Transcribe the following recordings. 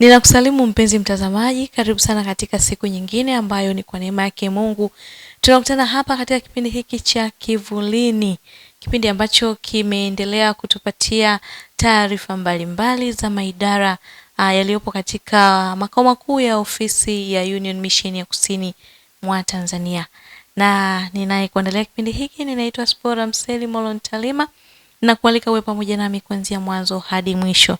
Ninakusalimu mpenzi mtazamaji, karibu sana katika siku nyingine ambayo ni kwa neema yake Mungu tunakutana hapa katika kipindi hiki cha Kivulini, kipindi ambacho kimeendelea kutupatia taarifa mbalimbali za maidara ah, yaliyopo katika makao makuu ya ofisi ya Union Mission ya kusini mwa Tanzania, na ninayekuandalia kipindi hiki ninaitwa Spora Mseli Molontalima na kualika uwe pamoja nami kuanzia mwanzo hadi mwisho.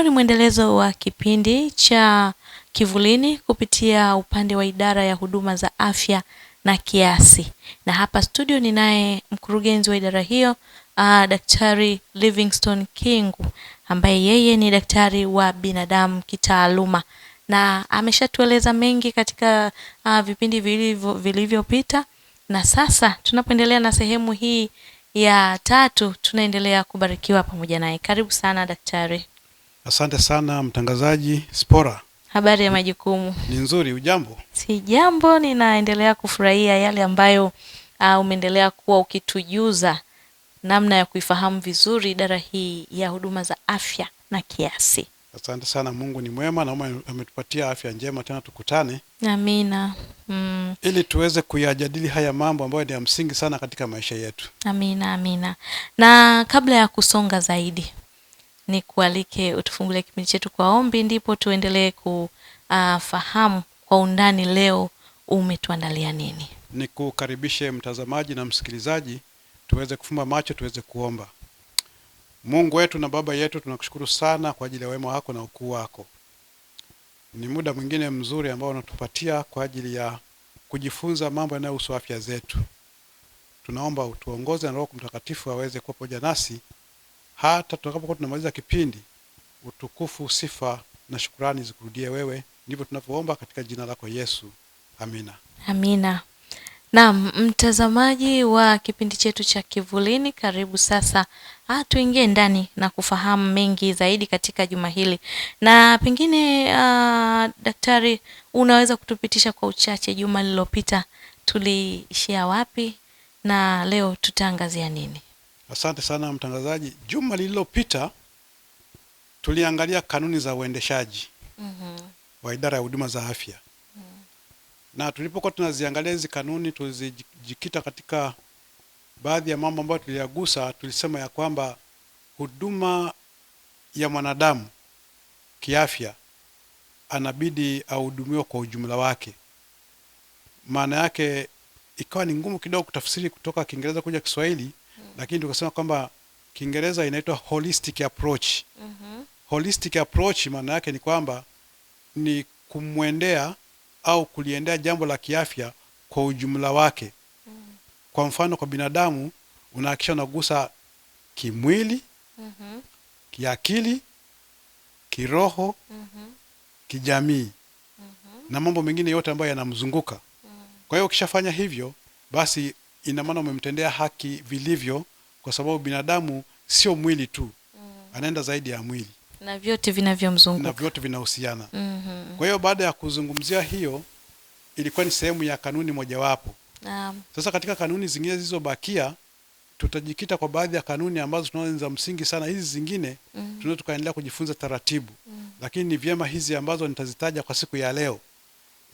Leo ni mwendelezo wa kipindi cha Kivulini kupitia upande wa idara ya huduma za afya na kiasi, na hapa studio ninaye mkurugenzi wa idara hiyo uh, Daktari Livingstone Kingu ambaye yeye ni daktari wa binadamu kitaaluma na ameshatueleza mengi katika uh, vipindi vilivyopita, na sasa tunapoendelea na sehemu hii ya tatu tunaendelea kubarikiwa pamoja naye. Karibu sana daktari. Asante sana mtangazaji Spora. Habari ya majukumu? Ni nzuri. Ujambo? Si jambo, ninaendelea kufurahia yale ambayo uh, umeendelea kuwa ukitujuza namna ya kuifahamu vizuri idara hii ya huduma za afya na kiasi. Asante sana. Mungu ni mwema na ametupatia afya njema, tena tukutane. Amina. Mm. Ili tuweze kuyajadili haya mambo ambayo ni ya msingi sana katika maisha yetu. Amina, amina. Na kabla ya kusonga zaidi ni kualike utufungulie kipindi chetu kwa ombi, ndipo tuendelee kufahamu kwa undani leo umetuandalia nini. Nikukaribishe mtazamaji na msikilizaji, tuweze kufumba macho, tuweze kuomba. Mungu wetu na Baba yetu, tunakushukuru sana kwa ajili ya wema wako na ukuu wako. Ni muda mwingine mzuri ambao unatupatia kwa ajili ya kujifunza mambo yanayohusu afya zetu. Tunaomba utuongoze na Roho Mtakatifu aweze kuwa pamoja nasi hata tutakapokuwa tunamaliza kipindi, utukufu, sifa na shukurani zikurudie wewe. Ndivyo tunavyoomba katika jina lako Yesu, amina. Amina. Naam, mtazamaji wa kipindi chetu cha Kivulini, karibu sasa ah, tuingie ndani na kufahamu mengi zaidi katika juma hili, na pengine uh, daktari, unaweza kutupitisha kwa uchache, juma lililopita tuliishia wapi na leo tutaangazia nini? Asante sana mtangazaji. Juma lililopita tuliangalia kanuni za uendeshaji mm -hmm. wa idara ya huduma za afya mm -hmm. na tulipokuwa tunaziangalia hizi kanuni, tulizijikita katika baadhi ya mambo ambayo tuliyagusa. Tulisema ya kwamba huduma ya mwanadamu kiafya anabidi ahudumiwe kwa ujumla wake. Maana yake ikawa ni ngumu kidogo kutafsiri kutoka Kiingereza kuja Kiswahili mm Lakini tukasema kwamba Kiingereza inaitwa holistic approach mm -hmm. Holistic approach maana yake ni kwamba ni kumwendea au kuliendea jambo la kiafya kwa ujumla wake mm -hmm. Kwa mfano kwa binadamu unahakikisha unagusa kimwili mm -hmm. kiakili, kiroho mm -hmm. kijamii mm -hmm. na mambo mengine yote ambayo yanamzunguka mm -hmm. Kwa hiyo ukishafanya hivyo basi ina maana umemtendea haki vilivyo, kwa sababu binadamu sio mwili tu mm. anaenda zaidi ya mwili na vyote vinavyomzunguka na vyote vinahusiana mm -hmm. Kwa hiyo baada ya kuzungumzia hiyo, ilikuwa ni sehemu ya kanuni mojawapo naam. Sasa katika kanuni zingine zilizobakia tutajikita kwa baadhi ya kanuni ambazo tunaona za msingi sana. Hizi zingine mm. tunaweza tukaendelea kujifunza taratibu mm. lakini ni vyema hizi ambazo nitazitaja kwa siku ya leo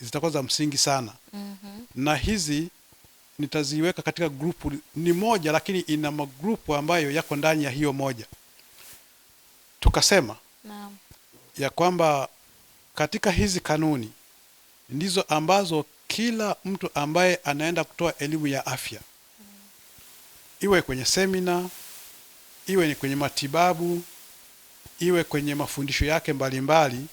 zitakuwa za msingi sana mm -hmm. na hizi nitaziweka katika grupu, ni moja lakini ina magrupu ambayo yako ndani ya hiyo moja. Tukasema naam, ya kwamba katika hizi kanuni ndizo ambazo kila mtu ambaye anaenda kutoa elimu ya afya mm, iwe kwenye semina, iwe ni kwenye matibabu, iwe kwenye mafundisho yake mbalimbali mbali,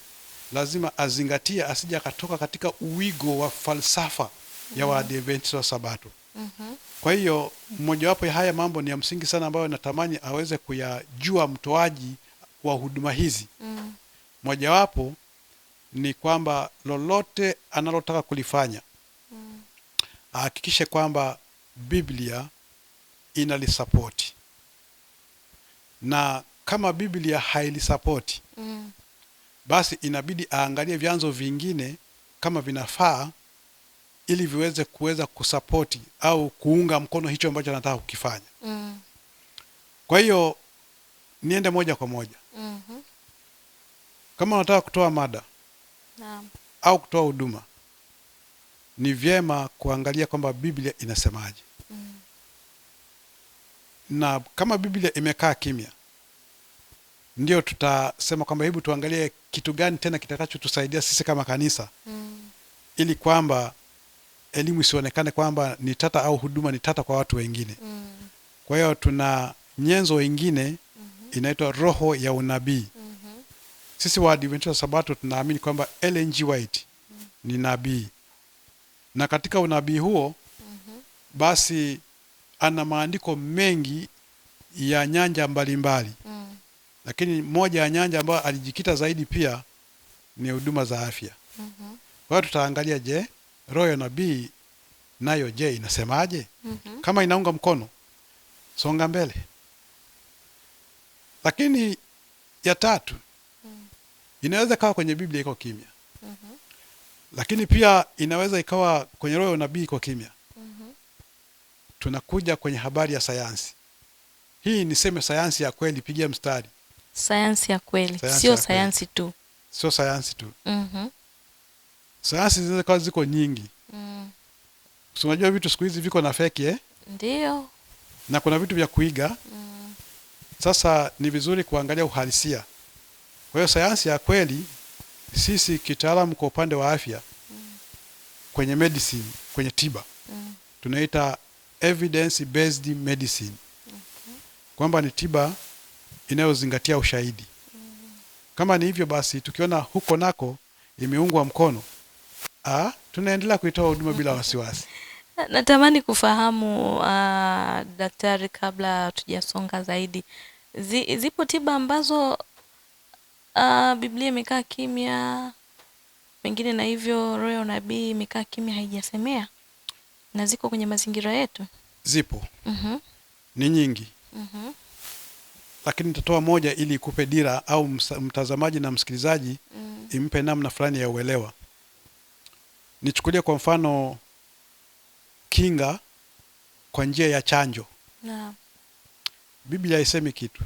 lazima azingatie asije akatoka katika uwigo wa falsafa ya Waadventista wa Sabato mm -hmm. Kwa hiyo mmojawapo ya haya mambo ni ya msingi sana ambayo natamani aweze kuyajua mtoaji wa huduma hizi mm. Mojawapo ni kwamba lolote analotaka kulifanya mm. ahakikishe kwamba Biblia inalisapoti na kama Biblia hailisapoti mm. basi inabidi aangalie vyanzo vingine kama vinafaa ili viweze kuweza kusapoti au kuunga mkono hicho ambacho anataka kukifanya. Mm. Kwa hiyo niende moja kwa moja. Mm -hmm. Kama unataka kutoa mada naam, au kutoa huduma ni vyema kuangalia kwamba Biblia inasemaje. Mm. Na kama Biblia imekaa kimya, ndio tutasema kwamba hebu tuangalie kitu gani tena kitakachotusaidia sisi kama kanisa. Mm. Ili kwamba elimu isionekane kwamba ni tata au huduma ni tata kwa watu wengine mm. Kwa hiyo tuna nyenzo ingine mm -hmm. inaitwa roho ya unabii mm -hmm. Sisi wa wa Sabato tunaamini kwamba Ellen G. White mm. ni nabii na katika unabii huo mm -hmm. basi ana maandiko mengi ya nyanja mbalimbali mbali. mm. Lakini moja ya nyanja ambayo alijikita zaidi pia ni huduma za afya mm -hmm. Kwa hiyo tutaangalia, je, roho ya nabii nayo je, inasemaje? mm -hmm. Kama inaunga mkono, songa mbele. Lakini ya tatu mm. inaweza ikawa kwenye Biblia iko kimya mm -hmm. lakini pia inaweza ikawa kwenye roho ya nabii iko kimya mm -hmm. Tunakuja kwenye habari ya sayansi hii, niseme sayansi ya kweli, pigia mstari sayansi ya kweli, sio sayansi tu, sio sayansi tu mm -hmm. Sayansi zinaweza kawa ziko nyingi mm. So, unajua vitu siku hizi viko na feki eh? Ndio. Na kuna vitu vya kuiga mm. Sasa ni vizuri kuangalia uhalisia. Kwa hiyo sayansi ya kweli sisi kitaalamu kwa upande wa afya mm. kwenye medicine, kwenye tiba mm. tunaita evidence based medicine okay. Kwamba ni tiba inayozingatia ushahidi mm. Kama ni hivyo basi, tukiona huko nako imeungwa mkono Ah, tunaendelea kuitoa huduma bila wasiwasi. Natamani kufahamu uh, daktari, kabla tujasonga zaidi, zi, zipo tiba ambazo uh, Biblia imekaa kimya pengine na hivyo roho nabii unabii imekaa kimya haijasemea na ziko kwenye mazingira yetu? Zipo. mm -hmm. Ni nyingi. mm -hmm. Lakini nitatoa moja ili ikupe dira au mtazamaji na msikilizaji, mm. impe namna fulani ya uelewa nichukulie kwa mfano kinga kwa njia ya chanjo na. Biblia haisemi kitu,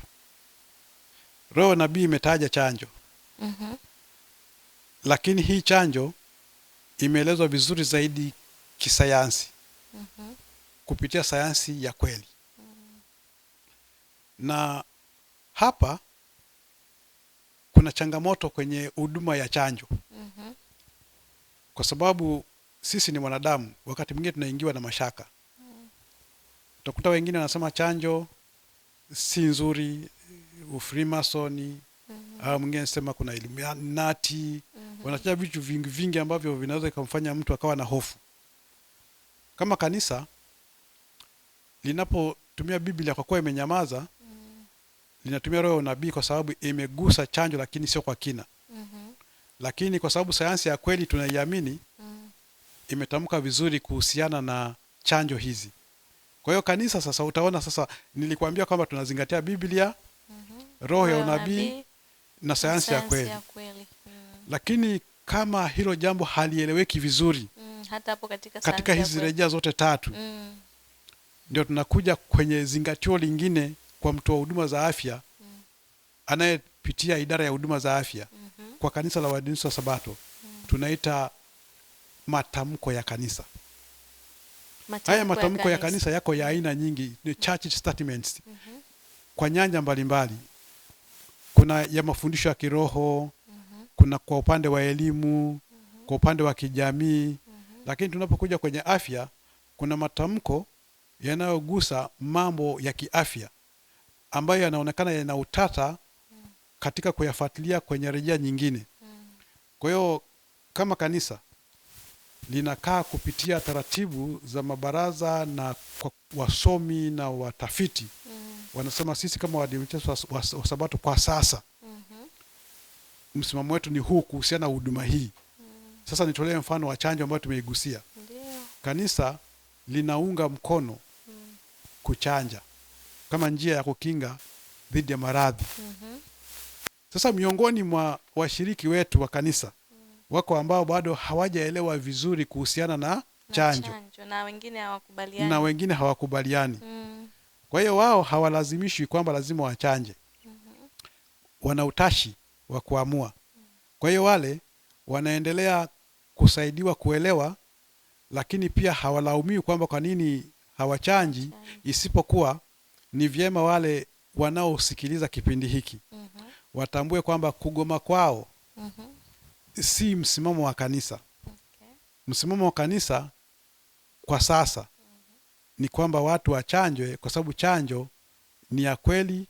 roho nabii imetaja chanjo mm -hmm. Lakini hii chanjo imeelezwa vizuri zaidi kisayansi mm -hmm. Kupitia sayansi ya kweli mm -hmm. Na hapa kuna changamoto kwenye huduma ya chanjo mm -hmm kwa sababu sisi ni wanadamu, wakati mwingine tunaingiwa na mashaka. Utakuta wengine wanasema chanjo si nzuri, ufrimasoni mhm. au mwingine anasema kuna Illuminati mhm. wanataja vitu vingi vingi ambavyo vinaweza kumfanya mtu akawa na hofu. Kama kanisa linapotumia Biblia kwa kuwa imenyamaza, mhm. linatumia roho ya unabii kwa sababu imegusa chanjo, lakini sio kwa kina lakini kwa sababu sayansi ya kweli tunaiamini mm. imetamka vizuri kuhusiana na chanjo hizi. Kwa hiyo kanisa sasa, utaona sasa, nilikuambia kwamba tunazingatia Biblia mm -hmm. roho ya unabii na sayansi ya kweli, ya kweli. Mm. lakini kama hilo jambo halieleweki vizuri mm. hata hapo katika, katika hizi rejea zote tatu mm. ndio tunakuja kwenye zingatio lingine kwa wa huduma za afya mm. anaye kupitia idara ya huduma za afya mm -hmm. kwa kanisa la Waadventista wa Sabato mm -hmm. tunaita matamko ya kanisa matamko haya matamko ya kanisa, ya kanisa yako ya aina nyingi ni church statements mm -hmm. kwa nyanja mbalimbali mbali. Kuna ya mafundisho ya kiroho mm -hmm. kuna kwa upande wa elimu mm -hmm. kwa upande wa kijamii mm -hmm. lakini tunapokuja kwenye afya kuna matamko yanayogusa mambo ya kiafya ambayo yanaonekana yana utata katika kuyafuatilia kwenye rejea nyingine. Kwa hiyo kama kanisa linakaa kupitia taratibu za mabaraza na kwa wasomi na watafiti mm. Wanasema sisi kama Waadventista wa Sabato kwa sasa mm -hmm. Msimamo wetu ni huu kuhusiana na huduma hii mm. Sasa nitolee mfano wa chanjo ambayo tumeigusia. Ndiyo. Kanisa linaunga mkono mm. kuchanja kama njia ya kukinga dhidi ya maradhi mm -hmm. Sasa miongoni mwa washiriki wetu wa kanisa mm. wako ambao bado hawajaelewa vizuri kuhusiana na chanjo, na chanjo na wengine hawakubaliani, na wengine hawakubaliani. Mm. Kwa hiyo wao hawalazimishwi kwamba lazima wachanje. Mm -hmm. Wana utashi wa kuamua. Mm. Kwa hiyo wale wanaendelea kusaidiwa kuelewa, lakini pia hawalaumiwi kwamba kwa nini hawachanji, isipokuwa ni vyema wale wanaosikiliza kipindi hiki mm -hmm watambue kwamba kugoma kwao mm -hmm. si msimamo wa kanisa okay. Msimamo wa kanisa kwa sasa mm -hmm. ni kwamba watu wachanjwe, kwa sababu chanjo ni ya kweli,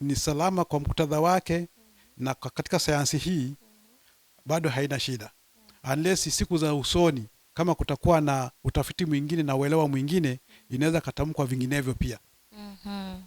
ni salama kwa mkutadha wake mm -hmm. na katika sayansi hii mm -hmm. bado haina shida mm-hmm. unless siku za usoni kama kutakuwa na utafiti mwingine na uelewa mwingine, mm-hmm. inaweza katamkwa vinginevyo pia. mm -hmm.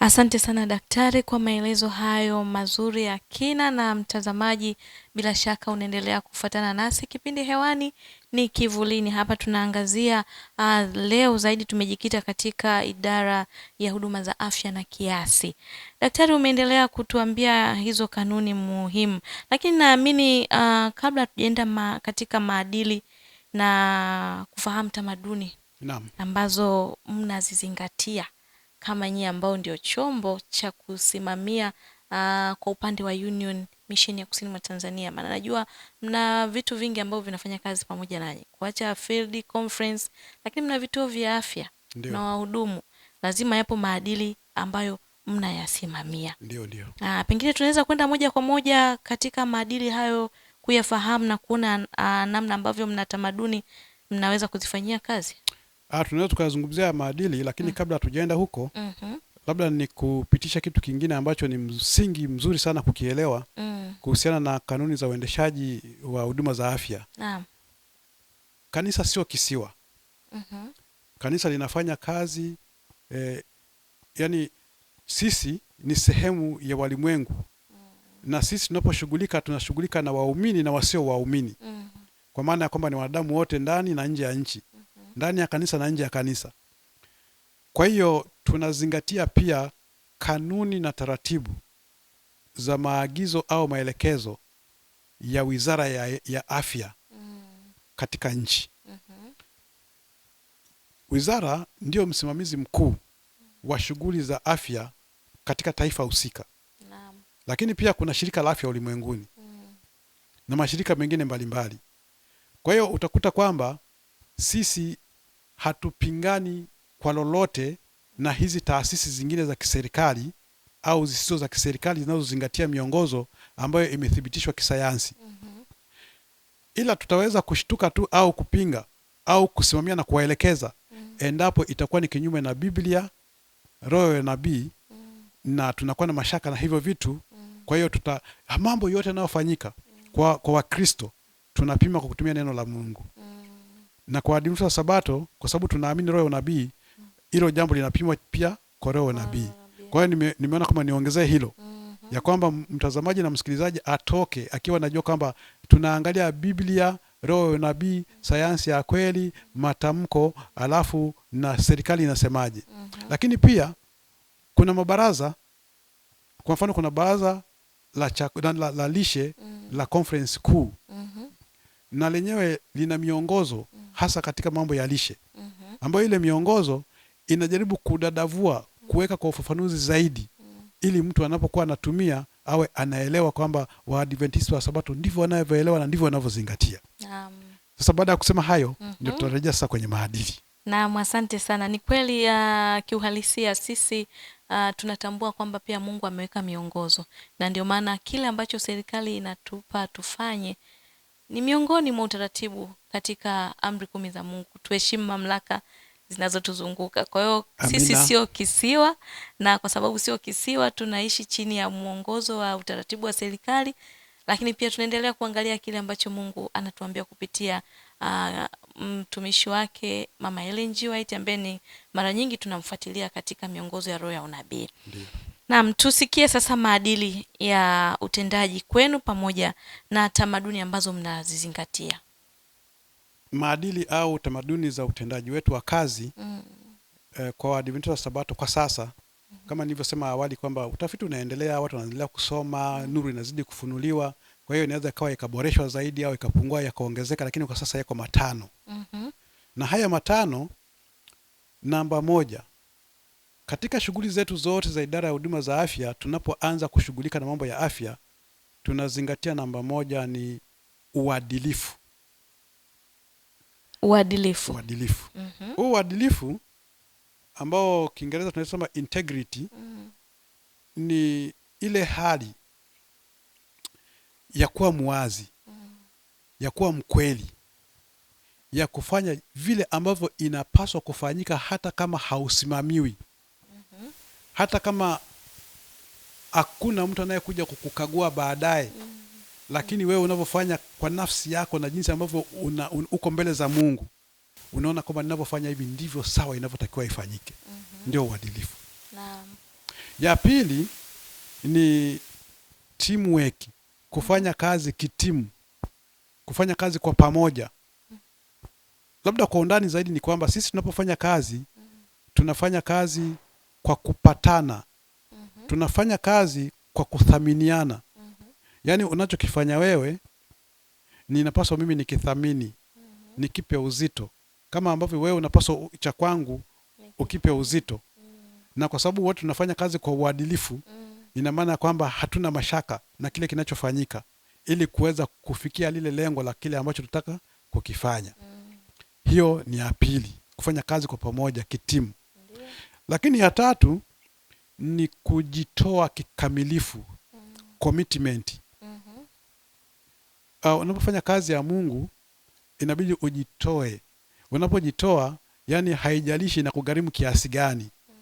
Asante sana daktari kwa maelezo hayo mazuri ya kina. Na mtazamaji, bila shaka unaendelea kufuatana nasi kipindi hewani ni Kivulini. Hapa tunaangazia uh, leo zaidi tumejikita katika idara ya huduma za afya na kiasi. Daktari, umeendelea kutuambia hizo kanuni muhimu, lakini naamini uh, kabla tujaenda ma, katika maadili na kufahamu tamaduni Naam. ambazo mnazizingatia kama nyie ambao ndio chombo cha kusimamia uh, kwa upande wa Union Mission ya Kusini mwa Tanzania, maana najua mna vitu vingi ambavyo vinafanya kazi pamoja nanyi, kuacha field conference, lakini mna vituo vya afya na wahudumu, lazima yapo maadili ambayo mnayasimamia. Ndio, ndio. Ah, pengine tunaweza kwenda moja kwa moja katika maadili hayo kuyafahamu na kuona ah, namna ambavyo mna tamaduni mnaweza kuzifanyia kazi. Ah, tunaweza tukazungumzia maadili lakini mm. kabla hatujaenda huko mm -hmm. labda ni kupitisha kitu kingine ambacho ni msingi mzuri sana kukielewa mm. kuhusiana na kanuni za uendeshaji wa huduma za afya naam. Kanisa sio kisiwa mm -hmm. Kanisa linafanya kazi eh, yani sisi ni sehemu ya walimwengu mm. na sisi tunaposhughulika tunashughulika na waumini na wasio waumini mm. kwa maana ya kwamba ni wanadamu wote ndani na nje ya nchi ndani ya kanisa na nje ya kanisa. Kwa hiyo tunazingatia pia kanuni na taratibu za maagizo au maelekezo ya Wizara ya, ya Afya mm. katika nchi mm-hmm. Wizara ndiyo msimamizi mkuu wa shughuli za afya katika taifa husika naam. Lakini pia kuna shirika la afya ulimwenguni mm. na mashirika mengine mbalimbali. Kwa hiyo utakuta kwamba sisi hatupingani kwa lolote na hizi taasisi zingine za kiserikali au zisizo za kiserikali zinazozingatia miongozo ambayo imethibitishwa kisayansi. mm -hmm. Ila tutaweza kushtuka tu au kupinga au kusimamia na kuwaelekeza mm -hmm. endapo itakuwa ni kinyume na Biblia, roho ya nabii mm -hmm. na tunakuwa na mashaka na hivyo vitu mm -hmm. kwa hiyo tuta mambo yote yanayofanyika mm -hmm. kwa kwa Wakristo tunapima kwa kutumia neno la Mungu na kwa adilifu ya Sabato, kwa sababu tunaamini roho ya unabii, hilo jambo linapimwa pia kwa roho ya unabii. Ah, kwa hiyo nime, nimeona kama niongezee hilo mhm. ya kwamba mtazamaji na msikilizaji atoke akiwa anajua kwamba tunaangalia Biblia, roho ya nabii, sayansi ya kweli, matamko, alafu na serikali inasemaje. mm -hmm. Lakini pia kuna mabaraza, kwa mfano kuna baraza la, la, la, la lishe mm -hmm. la conference kuu mm -hmm na lenyewe lina miongozo mm. hasa katika mambo ya lishe mm-hmm. ambayo ile miongozo inajaribu kudadavua, mm. kuweka kwa ufafanuzi zaidi, mm. ili mtu anapokuwa anatumia awe anaelewa kwamba Waadventista wa Sabato ndivyo wanavyoelewa na ndivyo wanavyozingatia. Sasa baada ya kusema hayo, mm-hmm. ndio tutarejea sasa kwenye maadili. Naam, asante sana. Ni kweli uh, kiuhalisia sisi uh, tunatambua kwamba pia Mungu ameweka miongozo na ndio maana kile ambacho serikali inatupa tufanye ni miongoni mwa utaratibu katika amri kumi za Mungu, tuheshimu mamlaka zinazotuzunguka. Kwa hiyo sisi sio kisiwa, na kwa sababu sio kisiwa, tunaishi chini ya mwongozo wa utaratibu wa serikali, lakini pia tunaendelea kuangalia kile ambacho Mungu anatuambia kupitia uh, mtumishi wake Mama Ellen G White ambaye ni mara nyingi tunamfuatilia katika miongozo ya roho ya unabii. Naam, tusikie sasa maadili ya utendaji kwenu pamoja na tamaduni ambazo mnazizingatia. Maadili au tamaduni za utendaji wetu wa kazi mm. eh, kwa wa Sabato kwa sasa mm -hmm. kama nilivyosema awali kwamba utafiti unaendelea, watu wanaendelea kusoma mm -hmm. nuru inazidi kufunuliwa, kwa hiyo inaweza ikawa ikaboreshwa zaidi au ikapungua yakaongezeka, lakini kwa sasa yako matano mm -hmm. na haya matano, namba moja katika shughuli zetu zote za idara ya huduma za afya, tunapoanza kushughulika na mambo ya afya, tunazingatia namba moja ni uadilifu. Uadilifu, uadilifu. Mm -hmm. Huu uadilifu ambao Kiingereza tunasema integrity mm -hmm. ni ile hali ya kuwa mwazi mm -hmm. ya kuwa mkweli ya kufanya vile ambavyo inapaswa kufanyika hata kama hausimamiwi hata kama hakuna mtu anayekuja kukukagua baadaye mm -hmm. Lakini wewe unavyofanya kwa nafsi yako na jinsi ambavyo una, un, uko mbele za Mungu unaona kwamba ninavyofanya hivi ndivyo sawa inavyotakiwa ifanyike. mm -hmm. Ndio uadilifu. Naam. Ya pili ni teamwork, kufanya kazi kitimu, kufanya kazi kwa pamoja. Labda kwa undani zaidi ni kwamba sisi tunapofanya kazi mhm. tunafanya kazi kwa kupatana mm -hmm. tunafanya kazi kwa kuthaminiana mm -hmm. yaani unachokifanya wewe ninapaswa mimi nikithamini mm -hmm. nikipe uzito kama ambavyo wewe unapaswa cha kwangu ukipe uzito mm -hmm. na kwa sababu wote tunafanya kazi kwa uadilifu mm -hmm. ina maana ya kwamba hatuna mashaka na kile kinachofanyika ili kuweza kufikia lile lengo la kile ambacho tunataka kukifanya mm -hmm. hiyo ni ya pili kufanya kazi kwa pamoja kitimu lakini ya tatu ni kujitoa kikamilifu mm. commitment mm -hmm. uh, unapofanya kazi ya Mungu inabidi ujitoe. Unapojitoa yani, haijalishi na kugharimu kiasi gani mm.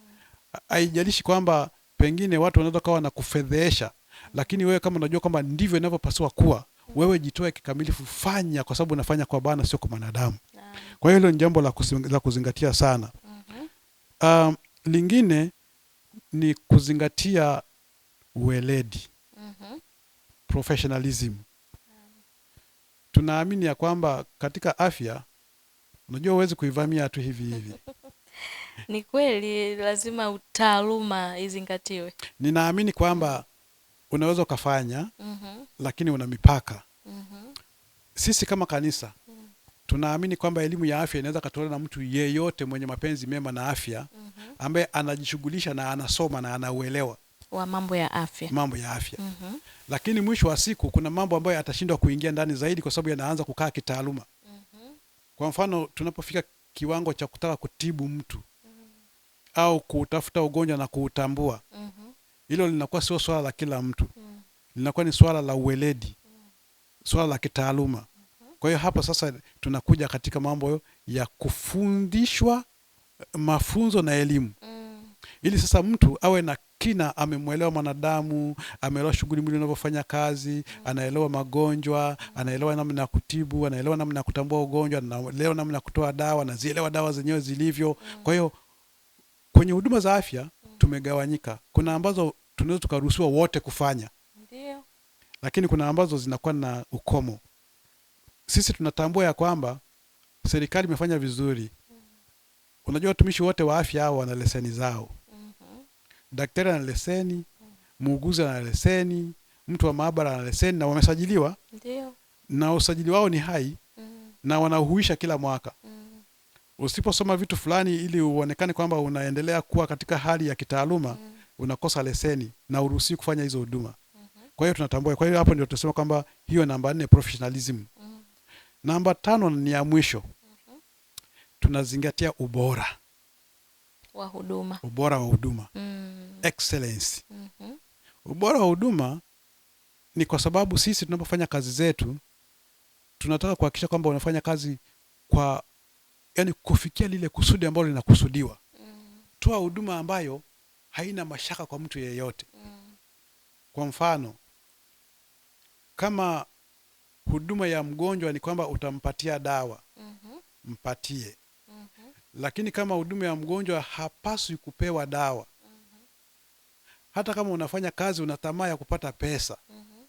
haijalishi kwamba pengine watu wanaweza kawa na kufedhesha, lakini wewe kama unajua kwamba ndivyo inavyopaswa kuwa mm. wewe jitoe kikamilifu, fanya kwa sababu unafanya kwa Bwana, sio kwa mwanadamu. Ah. Kwa hiyo hilo ni jambo la kuzingatia sana mm -hmm. um, Lingine ni kuzingatia uweledi, mm-hmm. professionalism. Mm. Tunaamini ya kwamba katika afya, unajua huwezi kuivamia tu hivi hivi. Ni kweli, lazima utaaluma izingatiwe. Ninaamini kwamba mm. unaweza ukafanya, mm-hmm. lakini una mipaka. mm-hmm. Sisi kama kanisa Tunaamini kwamba elimu ya afya inaweza katolewa na mtu yeyote mwenye mapenzi mema na afya mm -hmm. ambaye anajishughulisha na anasoma na anauelewa wa mambo ya afya, mambo ya afya. Mm -hmm. Lakini mwisho wa siku kuna mambo ambayo atashindwa kuingia ndani zaidi kwa sababu yanaanza kukaa kitaaluma. Mm -hmm. Kwa mfano tunapofika kiwango cha kutaka kutibu mtu mm -hmm. au kutafuta ugonjwa na kuutambua mm hilo linakuwa sio swala la kila mtu mm -hmm. linakuwa ni swala la uweledi mm -hmm. swala la kitaaluma kwa hiyo hapa sasa tunakuja katika mambo ya kufundishwa eh, mafunzo na elimu mm. ili sasa mtu awe na kina, amemwelewa mwanadamu, ameelewa shughuli mwili unavyofanya kazi mm. anaelewa magonjwa mm. anaelewa namna ya kutibu, anaelewa namna ya kutambua ugonjwa, anaelewa namna ya kutoa dawa, anazielewa dawa zenyewe zilivyo mm. kwa hiyo kwenye huduma za afya mm. tumegawanyika. Kuna ambazo tunaweza tukaruhusiwa wote kufanya, ndiyo, lakini kuna ambazo zinakuwa na ukomo sisi tunatambua ya kwamba serikali imefanya vizuri. Unajua, watumishi wote wa afya hao wana leseni zao. Mm-hmm. Daktari ana leseni, mm-hmm. muuguzi ana leseni, mtu wa maabara ana leseni, na wamesajiliwa. Ndio. na usajili wao ni hai mm-hmm. na wanauhuisha kila mwaka. Usiposoma vitu fulani ili uonekane kwamba unaendelea kuwa katika hali ya kitaaluma mm. unakosa leseni na uruhusi kufanya hizo huduma mm -hmm. Kwa hiyo tunatambua. Kwa hiyo hapo ndio tunasema kwamba hiyo namba nne, professionalism mm -hmm. Namba tano ni ya mwisho. Mhm. Tunazingatia ubora wa huduma, ubora wa huduma mm. Excellence. mm -hmm. Ubora wa huduma ni kwa sababu sisi tunapofanya kazi zetu tunataka kuhakikisha kwamba unafanya kazi kwa yani, kufikia lile kusudi ambalo linakusudiwa. mm. Toa huduma ambayo haina mashaka kwa mtu yeyote. mm. Kwa mfano kama huduma ya mgonjwa ni kwamba utampatia dawa mm -hmm. Mpatie mm -hmm. Lakini kama huduma ya mgonjwa hapaswi kupewa dawa mm -hmm. Hata kama unafanya kazi una tamaa ya kupata pesa mm -hmm.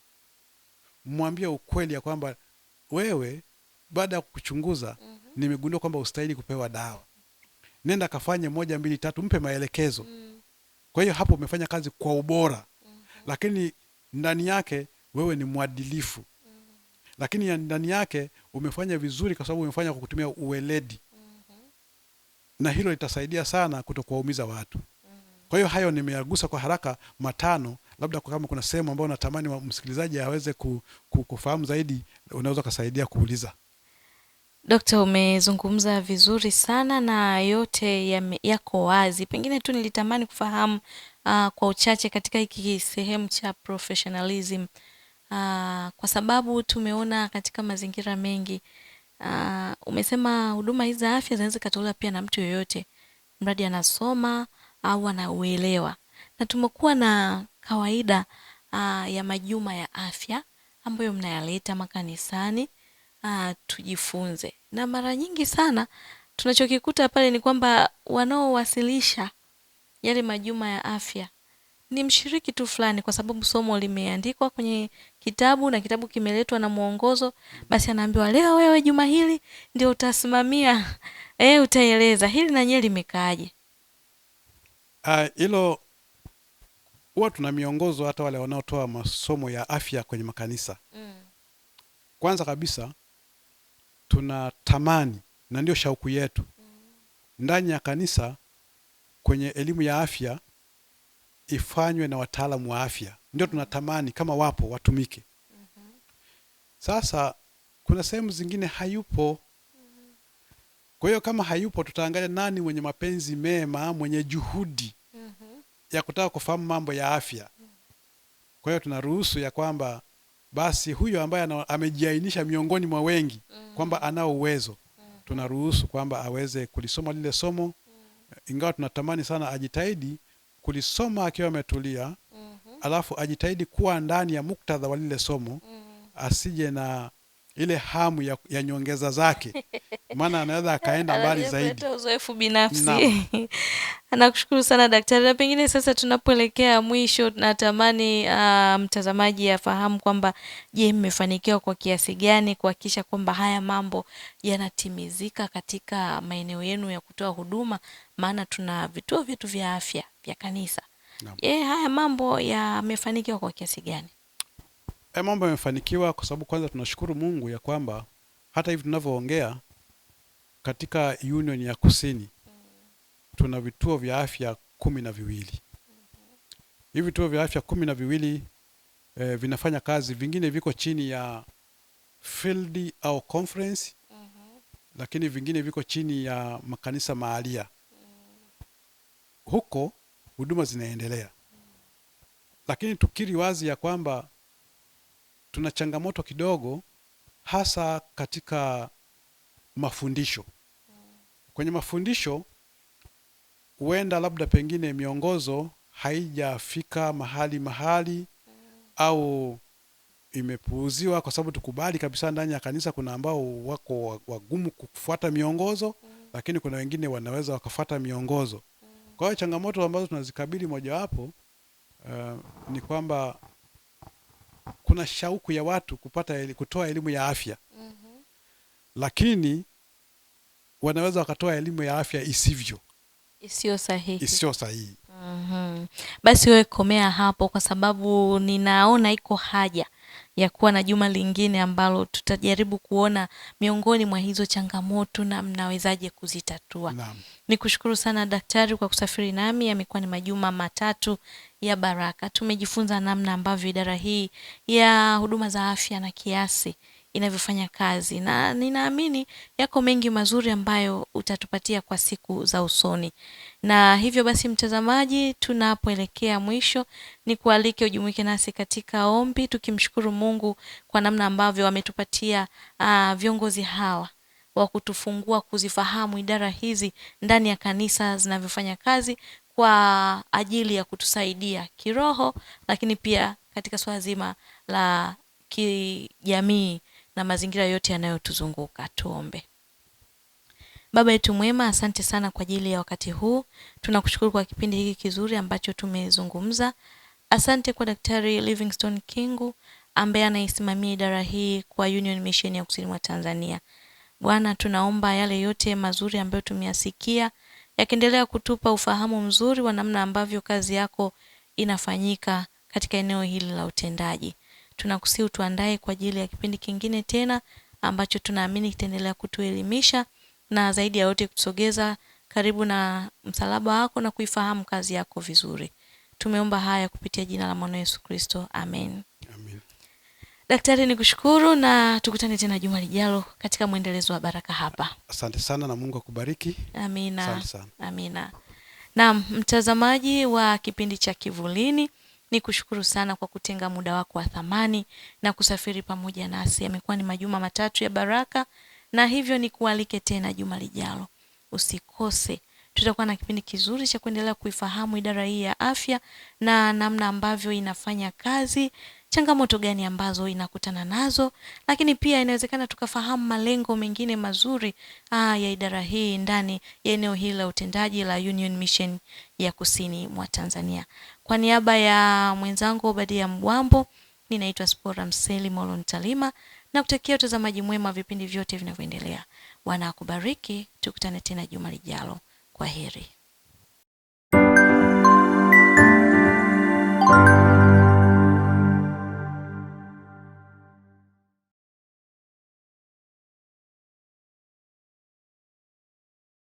Mwambie ukweli ya kwamba wewe, baada ya kukuchunguza mm -hmm. nimegundua kwamba ustahili kupewa dawa, nenda kafanye moja mbili tatu, mpe maelekezo mm -hmm. Kwa hiyo hapo umefanya kazi kwa ubora mm -hmm. Lakini ndani yake wewe ni mwadilifu lakini ya ndani yake umefanya vizuri, kwa sababu umefanya kwa kutumia uweledi mm -hmm. na hilo litasaidia sana kutokuwaumiza watu mm -hmm. Kwa hiyo hayo nimeyagusa kwa haraka matano, labda kama kuna sehemu ambayo natamani msikilizaji aweze kufahamu zaidi, unaweza ukasaidia kuuliza. Dokta, umezungumza vizuri sana na yote yame, yako wazi. Pengine tu nilitamani kufahamu uh, kwa uchache katika hiki sehemu cha professionalism Aa, ah, kwa sababu tumeona katika mazingira mengi aa, ah, umesema huduma hizi za afya zinaweza zikatolewa pia na mtu yoyote mradi anasoma au anauelewa, na tumekuwa na kawaida aa, ah, ya majuma ya afya ambayo mnayaleta makanisani aa, tujifunze. Na mara nyingi sana tunachokikuta pale ni kwamba wanaowasilisha yale majuma ya afya ni mshiriki tu fulani, kwa sababu somo limeandikwa kwenye kitabu na kitabu kimeletwa na mwongozo, basi anaambiwa leo, wewe juma hili ndio utasimamia e, utaeleza hili na limekaaje ah, hilo. Uh, huwa tuna miongozo hata wale wanaotoa masomo ya afya kwenye makanisa mm. Kwanza kabisa tuna tamani na ndio shauku yetu mm. ndani ya kanisa kwenye elimu ya afya ifanywe na wataalamu wa afya, ndio tunatamani kama wapo watumike. Mm-hmm. Sasa kuna sehemu zingine hayupo. Mm-hmm. Kwa hiyo kama hayupo, tutaangalia nani mwenye mapenzi mema, mwenye juhudi mm-hmm. ya kutaka kufahamu mambo ya afya. Kwa hiyo tunaruhusu ya kwamba basi huyo ambaye amejiainisha miongoni mwa wengi kwamba anao uwezo, tunaruhusu kwamba aweze kulisoma lile somo, ingawa tunatamani sana ajitahidi kulisoma akiwa ametulia, mm -hmm. alafu ajitahidi kuwa ndani ya muktadha wa lile somo mm -hmm. asije na ile hamu ya, ya nyongeza zake, maana anaweza akaenda mbali zaidi. Uzoefu binafsi anakushukuru sana daktari, na pengine sasa tunapoelekea mwisho, natamani uh, mtazamaji afahamu kwamba je, mmefanikiwa kwa kiasi gani kuhakikisha kwamba haya mambo yanatimizika katika maeneo yenu ya kutoa huduma? Maana tuna vituo vyetu vya afya vya kanisa. Je, haya mambo yamefanikiwa kwa kiasi gani? E, mambo yamefanikiwa kwa sababu kwanza tunashukuru Mungu ya kwamba hata hivi tunavyoongea katika union ya kusini tuna vituo vya afya kumi na viwili. Hivi vituo vya afya kumi na viwili e, vinafanya kazi, vingine viko chini ya field au conference lakini vingine viko chini ya makanisa mahalia. Huko huduma zinaendelea, lakini tukiri wazi ya kwamba tuna changamoto kidogo, hasa katika mafundisho. Kwenye mafundisho, huenda labda pengine miongozo haijafika mahali mahali au imepuuziwa kwa sababu tukubali kabisa, ndani ya kanisa kuna ambao wako wagumu kufuata miongozo Lakini kuna wengine wanaweza wakafuata miongozo Kwa hiyo changamoto ambazo tunazikabili mojawapo, uh, ni kwamba kuna shauku ya watu kupata kutoa elimu ya afya mm -hmm. Lakini wanaweza wakatoa elimu ya afya isivyo, isiyo sahihi, isiyo sahihi. Mm -hmm. Basi wewe komea hapo, kwa sababu ninaona iko haja ya kuwa na juma lingine ambalo tutajaribu kuona miongoni mwa hizo changamoto na mnawezaje kuzitatua. ni kushukuru sana daktari kwa kusafiri nami, yamekuwa ni majuma matatu ya baraka. Tumejifunza namna ambavyo idara hii ya huduma za afya na kiasi inavyofanya kazi, na ninaamini yako mengi mazuri ambayo utatupatia kwa siku za usoni. Na hivyo basi, mtazamaji, tunapoelekea mwisho, ni kualike ujumuike nasi katika ombi, tukimshukuru Mungu kwa namna ambavyo ametupatia uh, viongozi hawa wa kutufungua kuzifahamu idara hizi ndani ya kanisa zinavyofanya kazi kwa ajili ya kutusaidia kiroho, lakini pia katika swala zima la kijamii na mazingira yote yanayotuzunguka. Tuombe. Baba yetu mwema, asante sana kwa ajili ya wakati huu. Tunakushukuru kwa kipindi hiki kizuri ambacho tumezungumza. Asante kwa Daktari Livingstone Kingu ambaye anaisimamia idara hii kwa Union Mission ya Kusini mwa Tanzania. Bwana, tunaomba yale yote mazuri ambayo tumeyasikia yakiendelea kutupa ufahamu mzuri wa namna ambavyo kazi yako inafanyika katika eneo hili la utendaji tunakusii utuandae kwa ajili ya kipindi kingine tena ambacho tunaamini kitaendelea kutuelimisha na zaidi ya yote kutusogeza karibu na msalaba wako na kuifahamu kazi yako vizuri. Tumeomba haya kupitia jina la mwana Yesu Kristo, amen. Amen. Daktari, ni kushukuru na tukutane tena juma lijalo katika mwendelezo wa baraka hapa. Asante sana na Mungu akubariki. Amina. Amina. Naam, mtazamaji wa kipindi cha Kivulini ni kushukuru sana kwa kutenga muda wako wa thamani na kusafiri pamoja nasi. Yamekuwa ni majuma matatu ya baraka, na hivyo ni kualike tena juma lijalo. Usikose, tutakuwa na kipindi kizuri cha kuendelea kuifahamu idara hii ya afya na namna ambavyo inafanya kazi changamoto gani ambazo inakutana nazo, lakini pia inawezekana tukafahamu malengo mengine mazuri aa, ah, ya idara hii ndani ya eneo hili la utendaji la Union Mission ya Kusini mwa Tanzania. Kwa niaba ya mwenzangu Obadia Mbwambo, ninaitwa Spora Mseli Molon Talima na kutakia utazamaji mwema vipindi vyote vinavyoendelea. Bwana akubariki, tukutane tena juma lijalo. Kwa heri.